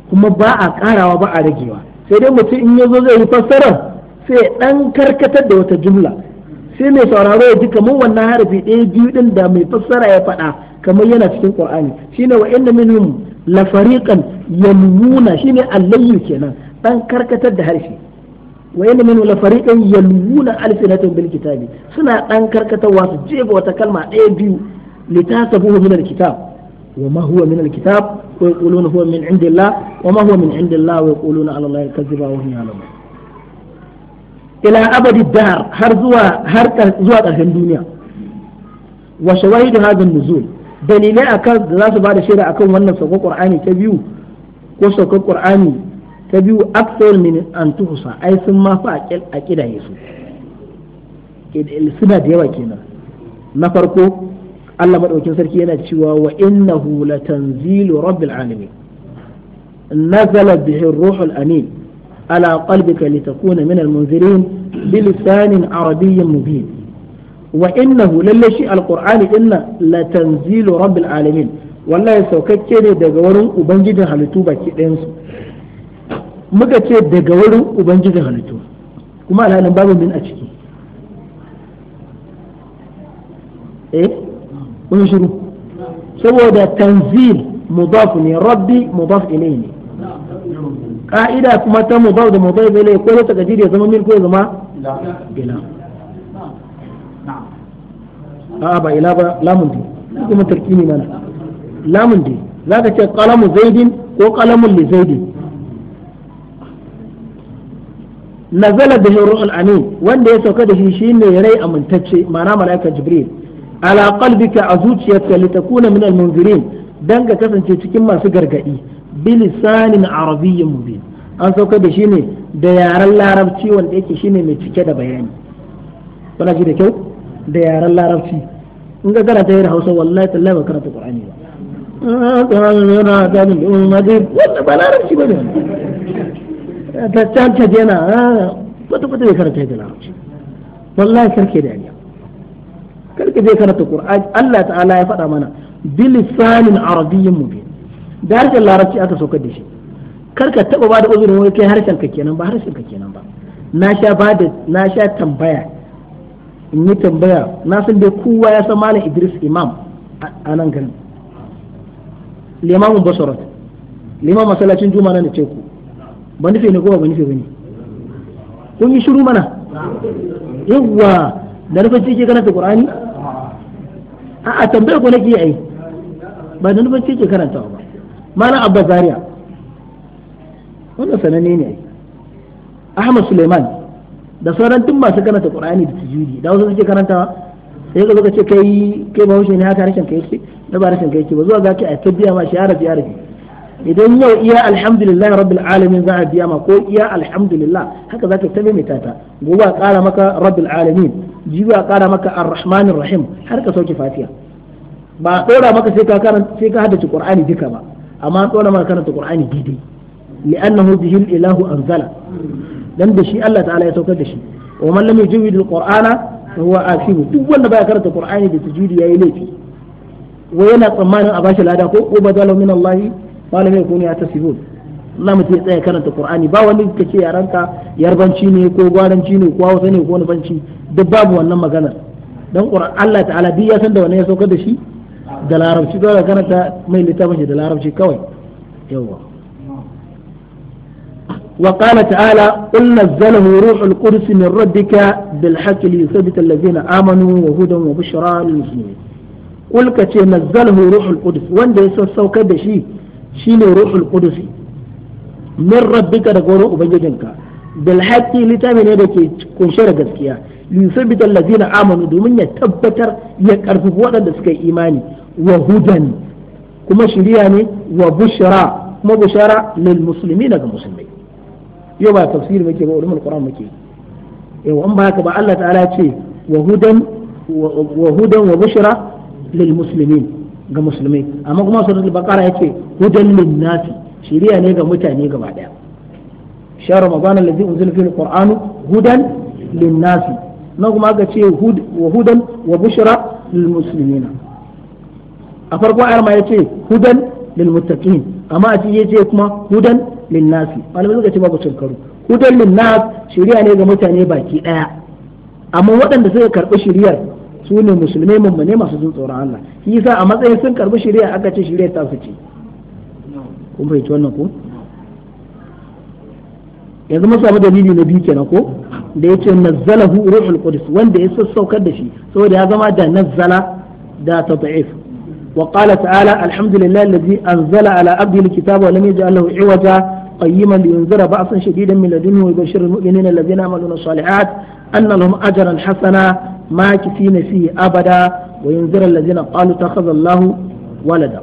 kuma ba a ƙarawa ba a ragewa sai dai mutum in zo zai yi fassara sai ɗan karkatar da wata jumla sai mai sauraro ya ji kamar wannan harafi ɗaya biyu ɗin da mai fassara ya faɗa kamar yana cikin ƙur'ani, shine wa inda minhum la yalmuna shine allayyu kenan ɗan karkatar da harshe wa yana min wala fariqan yalwuna alfinatun bil kitabi suna dan karkatarwa su jefa wata kalma ɗaya biyu litasabuhu min al kitab wa ma huwa min al kitab wa yaquluna huwa min indillah wa ma huwa min indillah wa yaquluna ala allahi kadhiba wa hum ya'lamun ila abadi dar har zuwa har zuwa ƙarshen duniya wa shawahidu hadha nuzul dalilai akan da za su bada shaida akan wannan saukar qur'ani ta biyu ko saukar qur'ani ta biyu aksar min an tuhusa ai sun ma fa a kidaye su suna da yawa kenan na farko Allah madaukin sarki yana cewa wa innahu latanzilu rabbil alamin nazala bihi ruhul amin ala qalbika litakuna min almunzirin bilisanin arabiyyin mubin wa innahu lallashi alqur'ani inna latanzilu rabbil alamin wallahi saukakke ne daga wurin ubangijin halittu baki ɗayansu su muka ce daga wurin ubangijin halittu kuma alhalin babu min a ciki eh kun shiru
saboda tanzil mudaf
ne rabbi mudaf ilayhi ne
ka'ida kuma
ta mudaf da mudaf ilayhi ko ta gajiri ya zama min ko ya zama ila a'a ba ila ba lamun di kuma tarkini mana lamun di zaka ce qalamu zaidin ko qalamun li zaidin nazala da ruhul amin wanda ya sauka da shi shine rai amintacce ma'ana malaika jibril ala qalbika a zuciyarka litakuna min munzirin dan ka kasance cikin masu gargadi bilisanin arabiyyin mubin an sauka da shi ne da yaren larabci wanda yake shine mai cike da bayani kuna ji da kyau da yaren larabci in ga karanta yin hausa wallahi tallahi ba karanta qur'ani ba ah, wanda ba
larabci ba ne
ta canta yana ah, kwata kwata bai karanta yadda larabci wallahi karke da yanya karke zai karanta qur'ani Allah ta'ala ya faɗa mana bilisanin arabiyyin mubin da harshen larabci aka saukar da shi karka taba ba da uzurin wani kai harshen ka kenan ba harshen ka kenan ba na sha ba da na sha tambaya in yi tambaya na san dai kowa ya san malam Idris Imam a nan garin limamin Basra limamin masallacin Juma'a na ce ku bani nufe ne ko ba nufe bane kun yi shiru mana
yawwa da nufin cike karanta qur'ani
a a tambayar ko nake ai ba da nufin cike karanta ba mana abba zaria wannan sananne ne ahmad suleiman da sauran tun masu karanta qur'ani da sujudi da wasu suke karantawa sai ka zo ka ce kai kai bahaushe ne haka rashin kai ke da ba rashin kai ke ba zuwa ga ki a tabbiya ma shi arabi arabi idan yau iya alhamdulillah rabbil alamin za a biya ma ko iya alhamdulillah haka zaka ka ta maimaita ta gobe a ƙara maka rabbil alamin jibi a ƙara maka arrahmanir rahim har ka sauke fatiha ba ɗora maka sai ka karanta sai ka haddace qur'ani duka ba amma ɗora maka karanta qur'ani daidai li'annahu bihi ilahu anzala dan da shi Allah ta'ala ya saukar da shi wa man lam yujawid alqur'ana huwa asibu duk wanda baya karanta qur'ani da tajwidi yayi laifi wa yana tsammanin a bashi lada ko ubadalu min Allah malamin kuni ya tasibun Allah mutum ya tsaya karanta Qur'ani ba wani ka ce yaranka yarbanci ne ko gwaranci ne ko hausa ne ko wani banci duk babu wannan maganar dan Qur'an Allah ta'ala duk ya san da wani ya saukar da shi da larabci dole karanta mai littafin shi da larabci kawai yawa Ta'ala تعالى قل نزله روح القدس من ربك بالحق ليثبت الذين امنوا وهدى وبشرى للمسلمين قل كتي نزله روح القدس وان ده يسوكر ده shine ruhul qudusi min rabbika daga wurin ubangijinka bil haqqi litami ne dake kunshe da gaskiya yuthabbita allazina amanu domin ya tabbatar ya karfafa waɗanda suka yi imani wa hudan kuma shiriya ne wa bushra kuma bushara lil muslimina ga musulmai yau ba tafsiri muke ba ulumul qur'an muke yau an ba haka ba Allah ta'ala ce wa hudan wa hudan wa bushra lil muslimin ga musulmi amma kuma suratul baqara yace hudan lin nasi shiriya ne ga mutane gaba daya shahr ramadan allazi unzila fihi alquranu hudan lin nasi na kuma ga ce wa hudan wa bushra lil a farko ayar ma yace hudan lil muttaqin amma a cikin yace kuma hudan lin nasi malamai suka ce babu cin hudan lin nas shiriya ne ga mutane baki daya amma waɗanda suka karɓi shiriyar su ne musulmai ne masu jin tsoron Allah shi yasa a matsayin sun karbi shari'a aka ce shari'a ta fice kun fahimci wannan ko yanzu mun samu dalili na biyu kenan ko da yace nazzalahu ruhul qudus wanda ya sassaukar da shi saboda ya zama da nazzala da tad'if wa qala ta'ala alhamdulillahi alladhi anzala ala abdihi alkitaba wa lam yaj'al lahu iwaja قيما لينذر بأسا شديدا من لدنه ويبشر المؤمنين الذين آمنوا الصالحات أن لهم أجرا حسنا ماكثين فيه أبدا وينذر الذين قالوا اتخذ الله ولدا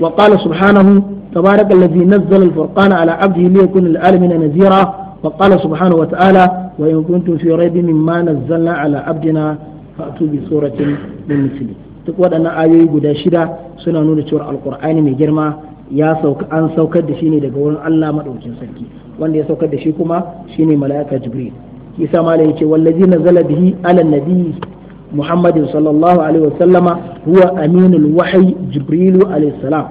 وقال سبحانه تبارك الذي نزل الفرقان على عبده ليكون للعالمين نذيرا وقال سبحانه وتعالى وإن كنتم في ريب مما نزلنا على عبدنا فأتوا بسورة من مثله duk waɗannan ayoyi guda shida suna nuna cewar alkur'ani mai girma ya sauka an saukar da shi ne daga wurin Allah maɗaukin sarki wanda ya saukar da shi kuma shine mala'ika jibril isa malam yace wallazi nazala bihi ala nabi muhammad sallallahu huwa aminul wahyi jibril alaihi salam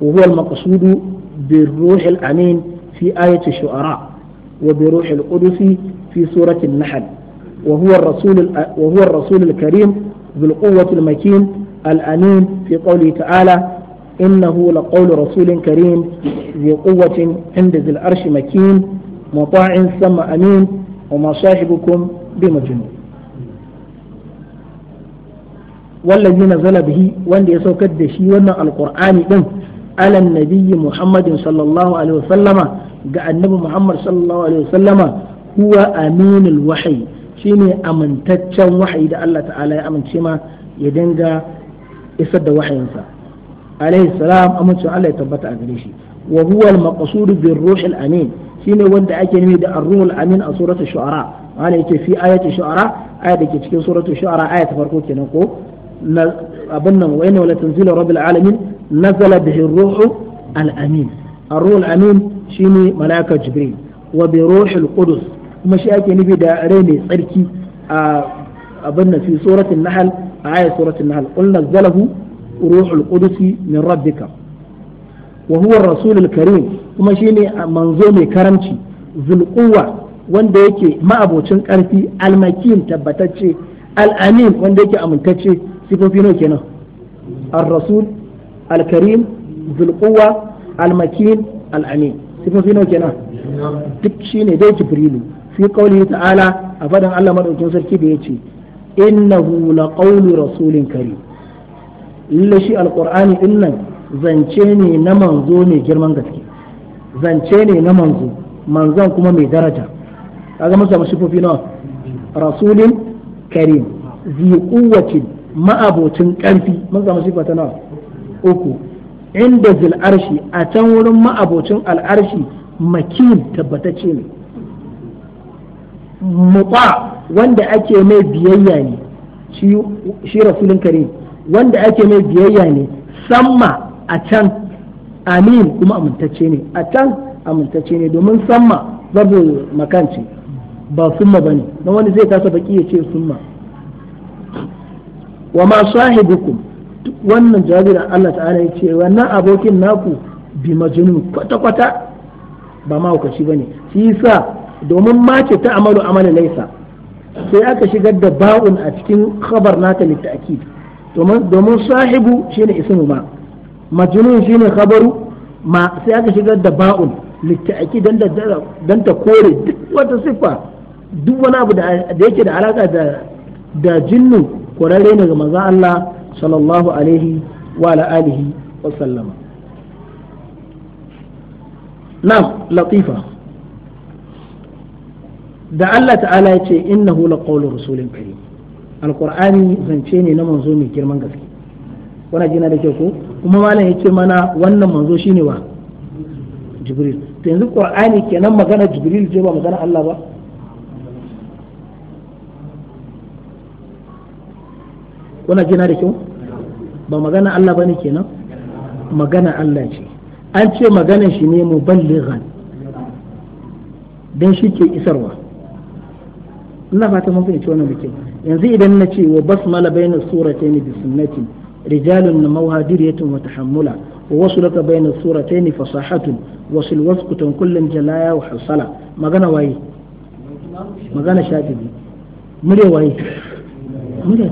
wa huwa al-maqsudu bi ruhi al-amin fi ayati shu'ara wa bi ruhi al-qudus fi surati an huwa ar-rasul wa huwa al-karim bil quwwati makin al-amin fi qawli ta'ala إنه لقول رسول كريم ذي قوة عند ذي العرش مكين مطاع ثم أمين وما صاحبكم بمجنون والذي نزل به وان يسوك الدشي وانا القرآن دم على النبي محمد صلى الله عليه وسلم جاء النبي محمد صلى الله عليه وسلم هو أمين الوحي shine amintaccen wahayi da Allah ta'ala ya amince ma ya dinga isar da wahayinsa alaihi salam amincin Allah tabbata a gare shi wa huwa al-maqsud bir amin shine wanda ake nufi da ar-ruh amin a suratul shu'ara wala yake fi ayati shu'ara aya dake cikin suratul shu'ara aya farko kenan ko abin nan wa inna la tanzilu rabbil alamin nazala bihi ar-ruh al-amin ar-ruh amin shine malaika jibril wa bi ruh kuma shi ake nufi da rai mai tsarki a abin nan fi suratul nahl aya suratul nahl qul nazalahu روح القدس من ربك وهو الرسول الكريم كما شيني منظومي كرمتي ذو القوة wanda yake ma'abocin ƙarfi almakin tabbatacce al'amin wanda yake amintacce sifofi nawa kenan ar-rasul al-karim ذو القوة المكين الأمين سيكون في نوكينا تكشيني دي جبريل في قوله تعالى أفضل الله مدعو تنصر كده يتي إنه لقول رسول كريم lalle shi alqur'ani din zance ne na manzo mai girman gaske zance ne na manzo manzon kuma mai daraja kaga mun mu shifofi nawa rasulin karim zi quwwatin ma'abocin karfi mun samu shifata uku inda zil arshi a can wurin ma'abocin al'arshi makin tabbatacce ne mutsa wanda ake mai biyayya ne shi rasulun karim wanda ake mai biyayya ne samma a can amin kuma amintacce ne a can amintacce ne domin samma babu makanci ba summa ba ne don wani zai kasa baki ya ce summa wa ma sahibukum wannan da Allah ta'ala ya ce wannan abokin naku bi majnun kwata-kwata ba mahaukaci ba ne shi yasa domin mace ta amalu amalin laisa sai aka shigar da ba'un a cikin khabar naka litta'kid domin sahibu shine ismu ma majnun shine khabaru ma sai aka shigar da ba'un litta'aki dan ta kore duk wata siffa duk wani abu da yake da alaka da da jinnu kwararre ne ga manzon Allah sallallahu alaihi wa wa sallama na latifa da Allah ta'ala ya ce innahu laqawlu rasulin karim alkur'ani zance ne na manzo mai girman gaske wani jina da ke ko kuma malam yake mana wannan manzo shine wa jibril to yanzu qur'ani kenan magana jibril ce ba magana Allah ba wani jina da kyau ba magana Allah ba ne kenan magana Allah ce an ce magana shi ne muballighan don shi ke isarwa ina fata mun fahimci wannan da kyau yanzu idan na ce wa basmala ta suratayn bi sunnati rijalun na mawhadiriyatun wa tahammula wa wasulaka bayna suratayn fasahatun wasu silwasqutun kullun jalaya wa hasala magana waye
magana shafi mure waye mure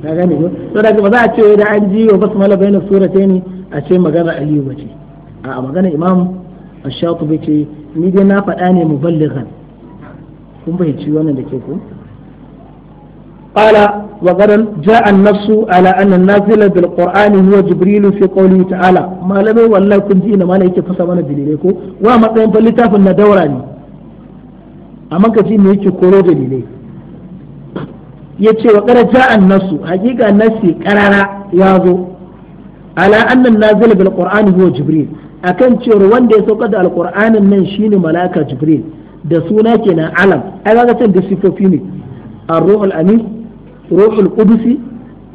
ta ka gane ko to daga ba za a ce da
an ji wa basmala ta suratayn a ce magana aliyu bace a magana imam ash-shatibi ce ni dai na faɗa ne muballighan kun ci wannan da ke ku قال وقد جاء النص على أن النازل بالقرآن هو جبريل في yake تعالى ما لم والله كنت إن ما لك فسوانا دليلكو وما قيم فلتاف الندوراني أما كتير ميكي كورو دليلي yace wa qad jaa an-nass hakika nasi karara yazo ala anna an-nazil bil qur'ani jibril akan cewa wanda ya sauka da alqur'anin nan shine malaika jibril da suna kenan alam ai kaga can da sifofi ne ar-ruhul amin ruhul qudusi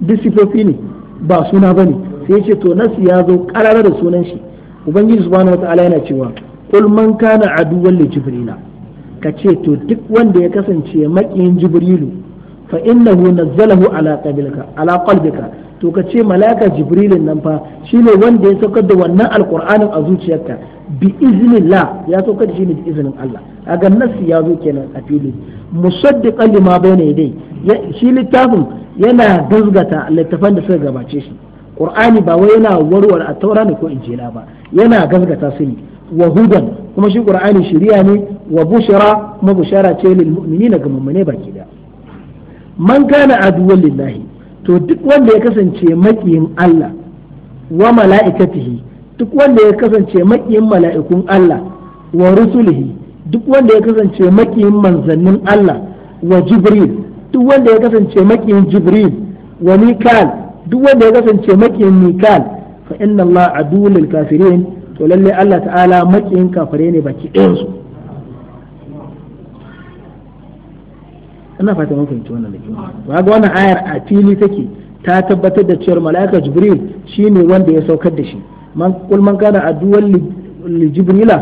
duk sifofi ba suna bane sai yace to nasi ya zo karara da sunan shi ubangiji subhanahu wataala yana cewa qul man kana aduwwan li jibrila ka ce to duk wanda ya kasance makiyin jibrilu fa innahu nazzalahu ala qalbika ala qalbika to ka ce malaka jibrilin nan fa shine wanda ya saukar da wannan alqur'anin a zuciyarka bi iznillah ya saukar da shi ne bi iznin Allah kaga nasi ya zo kenan a fili musaddiqan lima bayna yadai shi littafin yana gazgata littafan da suka gabace shi qur'ani ba wai yana warware a taura ne ko injila ba yana gazgata su ne wa hudan kuma shi qur'ani shiriya ne wa bushara kuma bushara ce lil mu'minina ga mu'mine baki da man kana aduwwan lillahi to duk wanda ya kasance makiyin Allah wa mala'ikatihi duk wanda ya kasance makiyin mala'ikun Allah wa rusulihi duk wanda ya kasance makiyin manzannin Allah wa jibril duk wanda ya kasance makiyin jibril wa mikal duk wanda ya kasance makiyin mikal fa inna Allah adulul kafirin to lalle Allah ta'ala makiyin kafirai ne baki ɗayansu ina fata mun fahimci wannan da kyau ga wannan ayar a fili take ta tabbatar da cewar mala'ika jibril shine wanda ya saukar da shi man kul man kana aduwwan li jibrila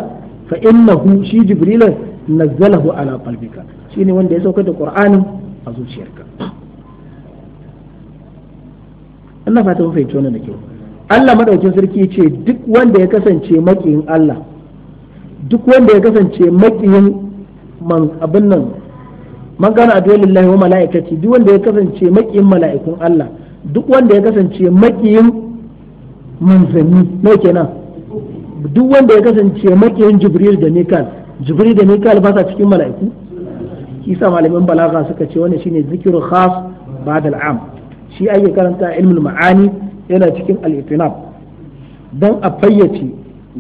fa innahu shi jibrila nazzalahu ala qalbika shine wanda ya saukar da qur'anin a zuciyarka ina fata mun fahimci wannan da kyau Allah madaukin sarki ce duk wanda ya kasance makiyin Allah duk wanda ya kasance makiyin man abin nan man a aduwwan lillahi wa malaikati duk wanda ya kasance makiyin mala'ikun Allah duk wanda ya kasance makiyin manzanni ne kenan duk wanda ya kasance makiyin jibril da mikal jibril da mikal ba sa cikin mala'iku kisa malamin balaga suka ce wannan shine zikiru khas ba'da al'am shi ake karanta ilmul ma'ani yana cikin al don a fayyace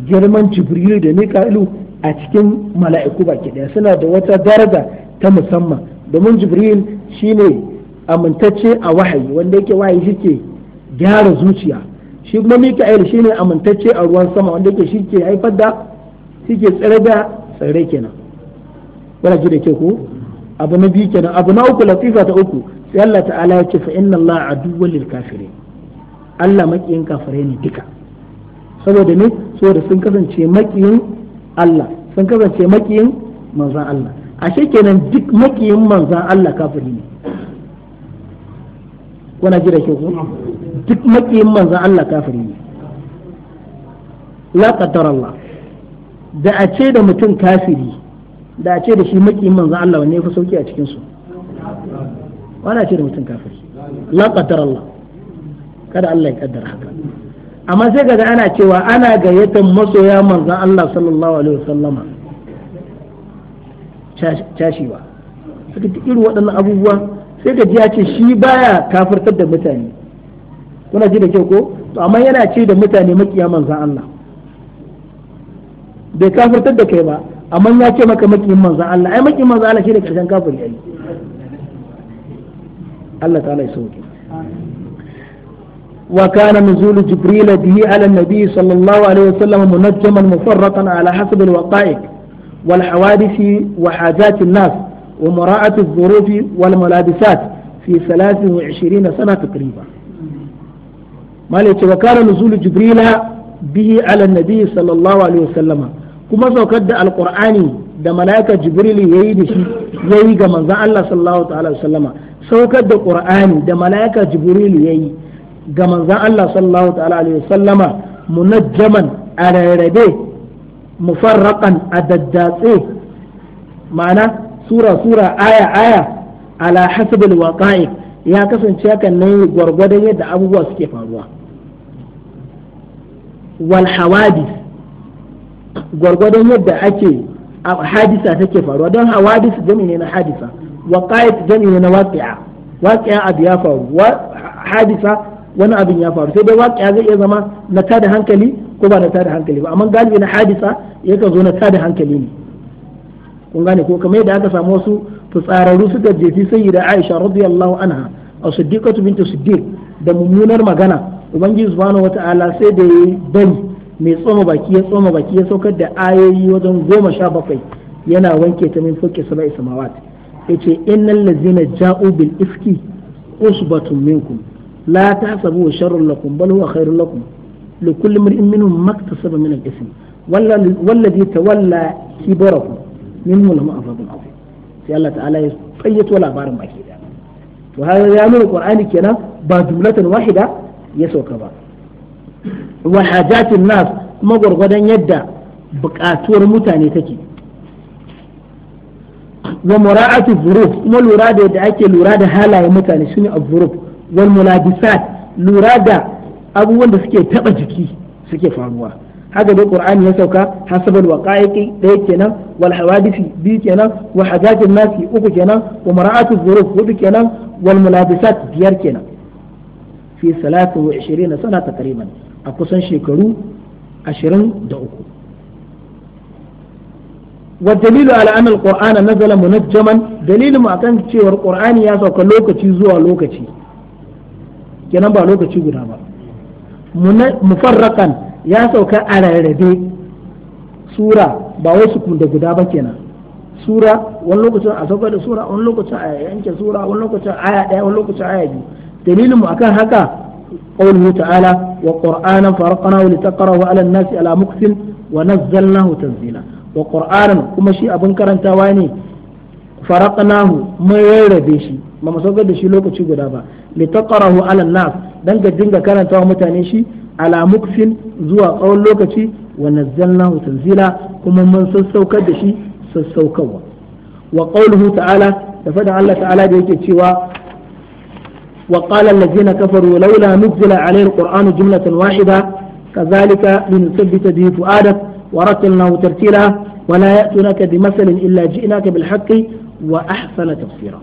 girman jibril da mika'ilu a cikin mala'iku baki daya suna da wata daraja ta musamman domin jibril shine amintacce a wahayi wanda yake wahayi shi ke gyara zuciya shi kuma mika'il shine amintacce a ruwan sama wanda yake shi ke haifar da shi tsare da tsare kenan wala ji da ke ko abu na biyu kenan abu na uku latifa ta uku sai Allah ta'ala ya ce fa inna Allah aduwwal lil kafirin Allah makiyin kafirai ne duka saboda ne saboda sun kasance makiyin Allah sun kasance makiyin manzon Allah ashe kenan duk makiyin manzan Allah kafiri ne kuna ji da kyau ko duk makiyin manzan Allah kafiri ne la qaddar Allah da a ce da mutum kafiri da a ce da shi makiyin manzan Allah wanne yafi sauki a cikin su
wana ce da mutum
kafiri la qaddar Allah kada Allah ya kaddara haka amma sai ga ana cewa ana gayyatar masoya manzan Allah sallallahu alaihi wasallama cashewa suka ta irin waɗannan abubuwa sai ka ji ya ce shi baya kafartar da mutane kuna ji da kyau ko to amma yana ce da mutane makiya manzan Allah bai kafartar da kai ba amma ya ce maka makiyin manzan Allah ai makiyin manzan Allah shi ne karshen kafiri ai Allah ta'ala ya sauke وكان نزول جبريل به على النبي صلى الله عليه وسلم منجما مفرقا ala حسب الوقائع والحوادث وحاجات الناس ومراعاة الظروف والملابسات في 23 سنة تقريبا ما وكان نزول جبريل به على النبي صلى الله عليه وسلم كما سوكد القرآن da malaika jibril ya yi da shi ya yi ga manzon Allah sallallahu ta'ala sallama saukar da qur'ani da malaika jibril ya yi ga manzon Allah munajjaman a mufarraqan a daddatse ma'ana sura sura aya aya ala hasbil waƙa'i ya kasance hakan ne gwargwadon yadda abubuwa suke faruwa wal hawadis gwargwadon yadda ake hadisa take faruwa don hawadis jami ne na hadisa waqa'it jami ne na waqi'a waqi'a abu ya faru hadisa wani abin ya faru sai dai waqi'a zai iya zama na tada hankali ko ba na tada hankali ba amma galibi na hadisa yakan zo na tada hankali ne kun gane ko kamar yadda aka samu wasu fitsararru suka jefi sayyida Aisha radiyallahu anha a siddiqatu bintu siddiq da mummunar magana ubangiji subhanahu wata'ala sai da yayi bari mai tsoma baki ya tsoma baki ya saukar da ayoyi wajen goma sha bakwai yana wanke ta min fuke saba'i samawat yace innal ladzina ja'u bil ifki usbatun minkum la tahsabu sharrun lakum bal huwa khairun lakum li kulli mar'in minhum maktasaba min al-ithm wallazi tawalla kibarahu minhu lahu azabun azim sai Allah ta'ala ya fayyato labarin baki da to haka ya nuna qur'ani kenan ba jumlatan wahida ya sauka ba wa hajatun nas kuma gwargwadon yadda bukatuwar mutane take wa mura'atu zuruf kuma lura da yadda ake lura da halayen mutane shine az-zuruf lura da abubuwan da suke taba jiki suke faruwa haka dai qur'ani ya sauka hasabal waqa'iqi ɗaya kenan wal hawadisi biyu kenan wa hajajin nasi uku kenan wa mara'atu zuruf hudu kenan wal mulabisat biyar kenan fi salatu wa 20 sana takriban a kusan shekaru 23 ala على al qur'ana nazala munajjaman dalilu ma kan cewa qur'ani ya sauka lokaci zuwa lokaci kenan ba lokaci guda ba mufarrakan ya sauka a rarrabe sura ba wai sukun da guda ba kenan sura wani lokacin a saukar da sura wani lokacin a yanke sura wani lokacin aya daya wani lokacin aya biyu dalilin mu akan haka qawluhu ta'ala wa qur'anan faraqnahu litaqra'u 'ala an-nasi ala mukthin wa nazzalnahu tanzila wa qur'anan kuma shi abin karantawa ne faraqnahu mun rarrabe shi ba mu da shi lokaci guda ba li taqrahu ala nas dan ga dinga karanta mutane shi ala mukfin zuwa tsawon lokaci wa nazzalnahu tanzila kuma mun sassaukar da shi sassaukarwa wa qawluhu ta'ala da fada Allah ta'ala da yake cewa wa qala allazina kafaru laula nuzila alayhi alquranu jumlatan wahida kazalika linuthbita bi fuadak wa ratilnahu tartila wa la ya'tunaka bi masalin illa ji'naka bil haqqi wa ahsana tafsira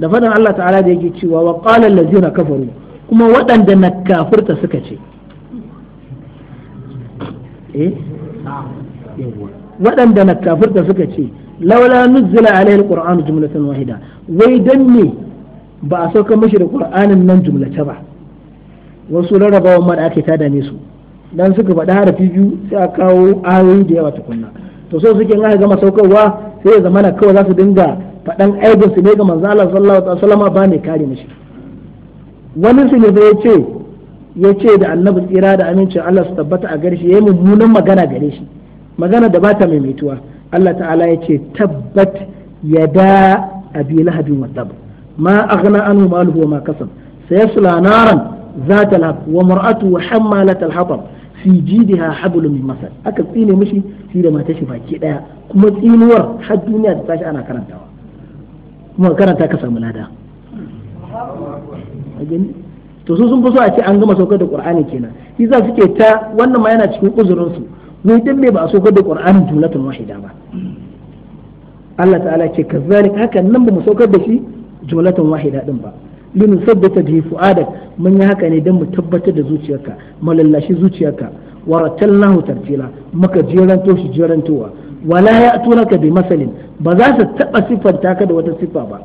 da fadan Allah ta'ala da yake cewa wa qala allazina kafaru kuma waɗanda na kafirta suka ce eh waɗanda na kafirta suka ce laula nuzila alaihi alquran jumlatan wahida wai dan ne ba a sauka mashi da qur'anin nan jumlata ba wasu rarrabawan ma da ake tada ne su dan suka faɗa harafi biyu sai a kawo ayoyi da yawa tukunna to so suke in aka gama saukarwa sai ya zamana kawai za su dinga faɗan aibin su ne ga manzo Allah sallallahu alaihi wasallam ba mai kare mishi wani su ne ya ce ya ce da annabi tsira da amincin Allah su tabbata a gare shi yayi mummunan magana gare shi magana da ba ta maimaituwa Allah ta'ala ya ce tabbat yada abi lahabin wadab ma aghna anhu maluhu ma kasab sayasla naran ذات لهب ومرأته حمالة الحطب fi jidiha hablum min masal aka tsine mishi shi da matashi shi baki daya kuma tsinuwar har duniya ta tashi ana karantawa kuma karanta ka samu lada to su sun fi so a ce an gama saukar da qur'ani kenan shi za suke ta wannan ma yana cikin uzurin su ne dan me ba a saukar da qur'ani jumlatun wahida ba Allah ta'ala ce kazzalik haka nan ba mu saukar da shi jumlatun wahida din ba lin sabbata bi fu'adak mun yi haka ne dan mu tabbatar da zuciyarka malallashi zuciyarka waratalnahu tartila muka jeranto shi jerantowa wala ya'tunaka bi masalin ba za su taba sifanta ka da wata sifa ba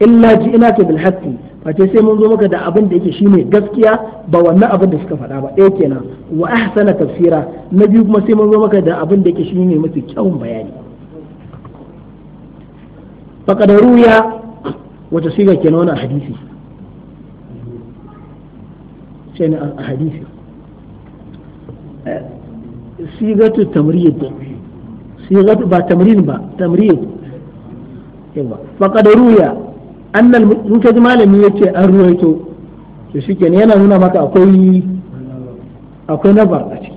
illa ji'naka bil haqqi fate sai mun zo maka da abin da yake shine gaskiya ba wannan abin da suka faɗa ba ɗaya kenan wa ahsana tafsira na biyu kuma sai mun zo maka da abin da yake shine mafi kyawun bayani faqad ruya wata siga kenan wannan hadisi shine a hadisi ba tamrin ba tamriyat yawa faqad ruya annal in kaji malami yace an ruwaito to shikenan yana nuna maka akwai akwai a ciki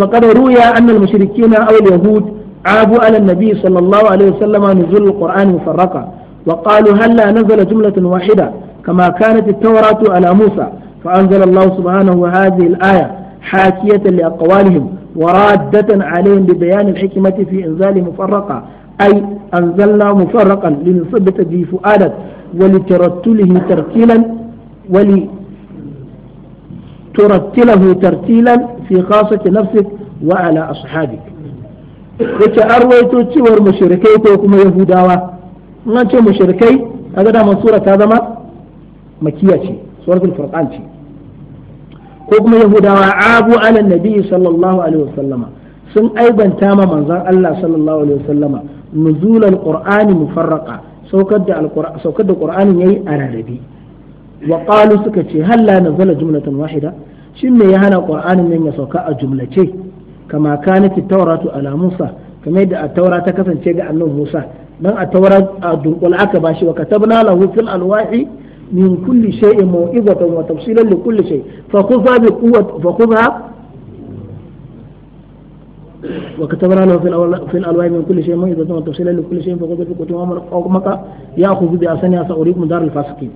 فقد روي أن المشركين أو اليهود عابوا على النبي صلى الله عليه وسلم نزول القرآن مفرقا وقالوا هل نزل جملة واحدة كما كانت التوراة على موسى فأنزل الله سبحانه هذه الآية حاكية لأقوالهم ورادة عليهم ببيان الحكمة في إنزال مفرقة أي أنزلنا مفرقا لنثبت به فؤادك ولترتله ترتيلا ولترتله ترتيلا في خاصة نفسك وعلى أصحابك yace an ruwaito cewar mushrikai ko kuma yahudawa in an ce mushrikai kaga da sura ta zama makiya ce suratul furqan ce ko kuma yahudawa abu ala nabi sallallahu alaihi wasallama sun aibanta ma manzon Allah sallallahu alaihi wasallama nuzul alqur'ani mufarraqa saukar da alqur'ani saukar da qur'anin yayi a rarrabe waƙalu suka ce halla nazala jumlatan wahida shin me ya hana qur'anin nan ya sauka a jumlace kama kanat tawratu ala musa kamar yadda a taura ta kasance ga annabi musa dan a taura a dunkul aka bashi wa katabna lahu fil alwahi من كل شيء موعظة وتفصيلا لكل شيء فخذها بقوة فخذها وكتبنا له في الأول في الألواح من كل شيء موعظة وتفصيلا لكل شيء فخذها بقوة وأمر قومك يأخذ بأحسنها سأريكم دار الفاسقين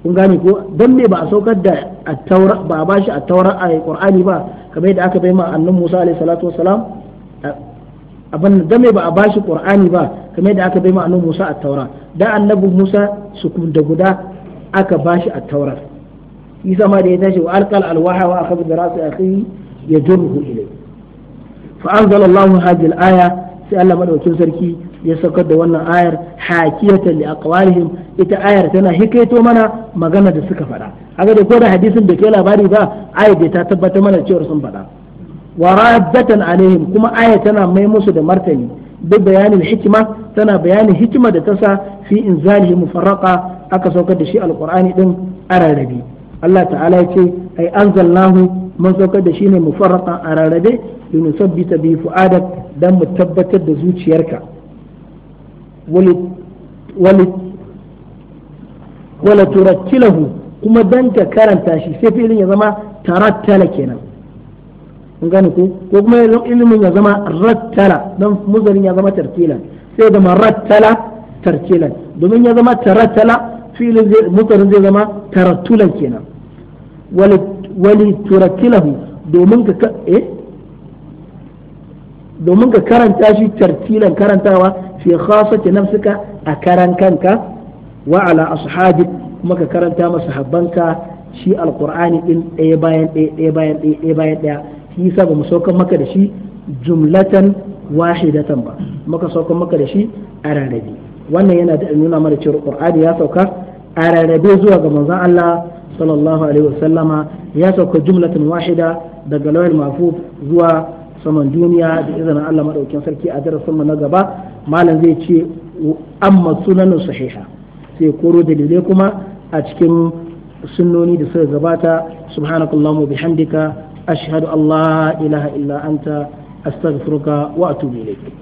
kun gane ko dan me ba a saukar da attaura ba a bashi attaura a qur'ani ba kamar yadda aka bai ma annabi Musa alaihi salatu wassalam abin da me ba a bashi qur'ani ba kamar yadda aka bai ma annabi Musa at-taura da annabi Musa su da guda aka ba shi taura isa ma da ya tashi wa alqal alwaha wa akhadha bi ra'si akhihi yajruhu ilay fa anzala Allahu hadhihi al-aya sai Allah madaukin sarki ya saukar da wannan ayar hakiyatan li aqwalihim ita ayar tana hikaito mana magana da suka faɗa haka da koda hadisin da ke labari ba ayar da ta tabbatar mana cewa sun faɗa wa raddatan alaihim kuma ayar tana mai musu da martani duk bayanin hikima tana bayanin hikima da ta sa fi inzalihi mufarraqa aka saukar da shi alkur'ani din ararrabe Allah ta'ala ya ce ai anzalnahu mun saukar da shi ne mufarraqan ararrabe linusabbita bi fu'adak dan mu tabbatar da zuciyarka wali walid wala turattilahu kuma dan ka karanta shi sai filin ya zama tarattala kenan kun gane ko ko kuma ilimin ya zama rattala dan muzarin ya zama tartila sai da rattala tartilan domin ya zama tarattala filin mutanen zai zama tarattulan kenan wali turatilahu domin ka eh domin ka karanta shi tartilan karantawa fi khasati nafsika a karan kanka wa ala ashabi kuma ka karanta habbanka shi alqur'ani din ɗaya bayan ɗaya ɗaya bayan ɗaya ɗaya bayan ɗaya shi yasa ba mu saukan maka da shi jumlatan wahidatan ba muka saukan maka da shi a wannan yana da nuna mana cewa qur'ani ya sauka a rarrabe zuwa ga manzon Allah sallallahu alaihi wasallama ya sauka jumlatan wahida daga lawal mafuf zuwa saman duniya da izinin Allah madaukakin sarki a darasin mu na gaba malam zai ce amma sunanin sahiha sai koro dalilai kuma a cikin sunnoni da suka gabata subhanakallahumma bihamdika ashhadu an la ilaha illa anta astaghfiruka wa atubu ilayk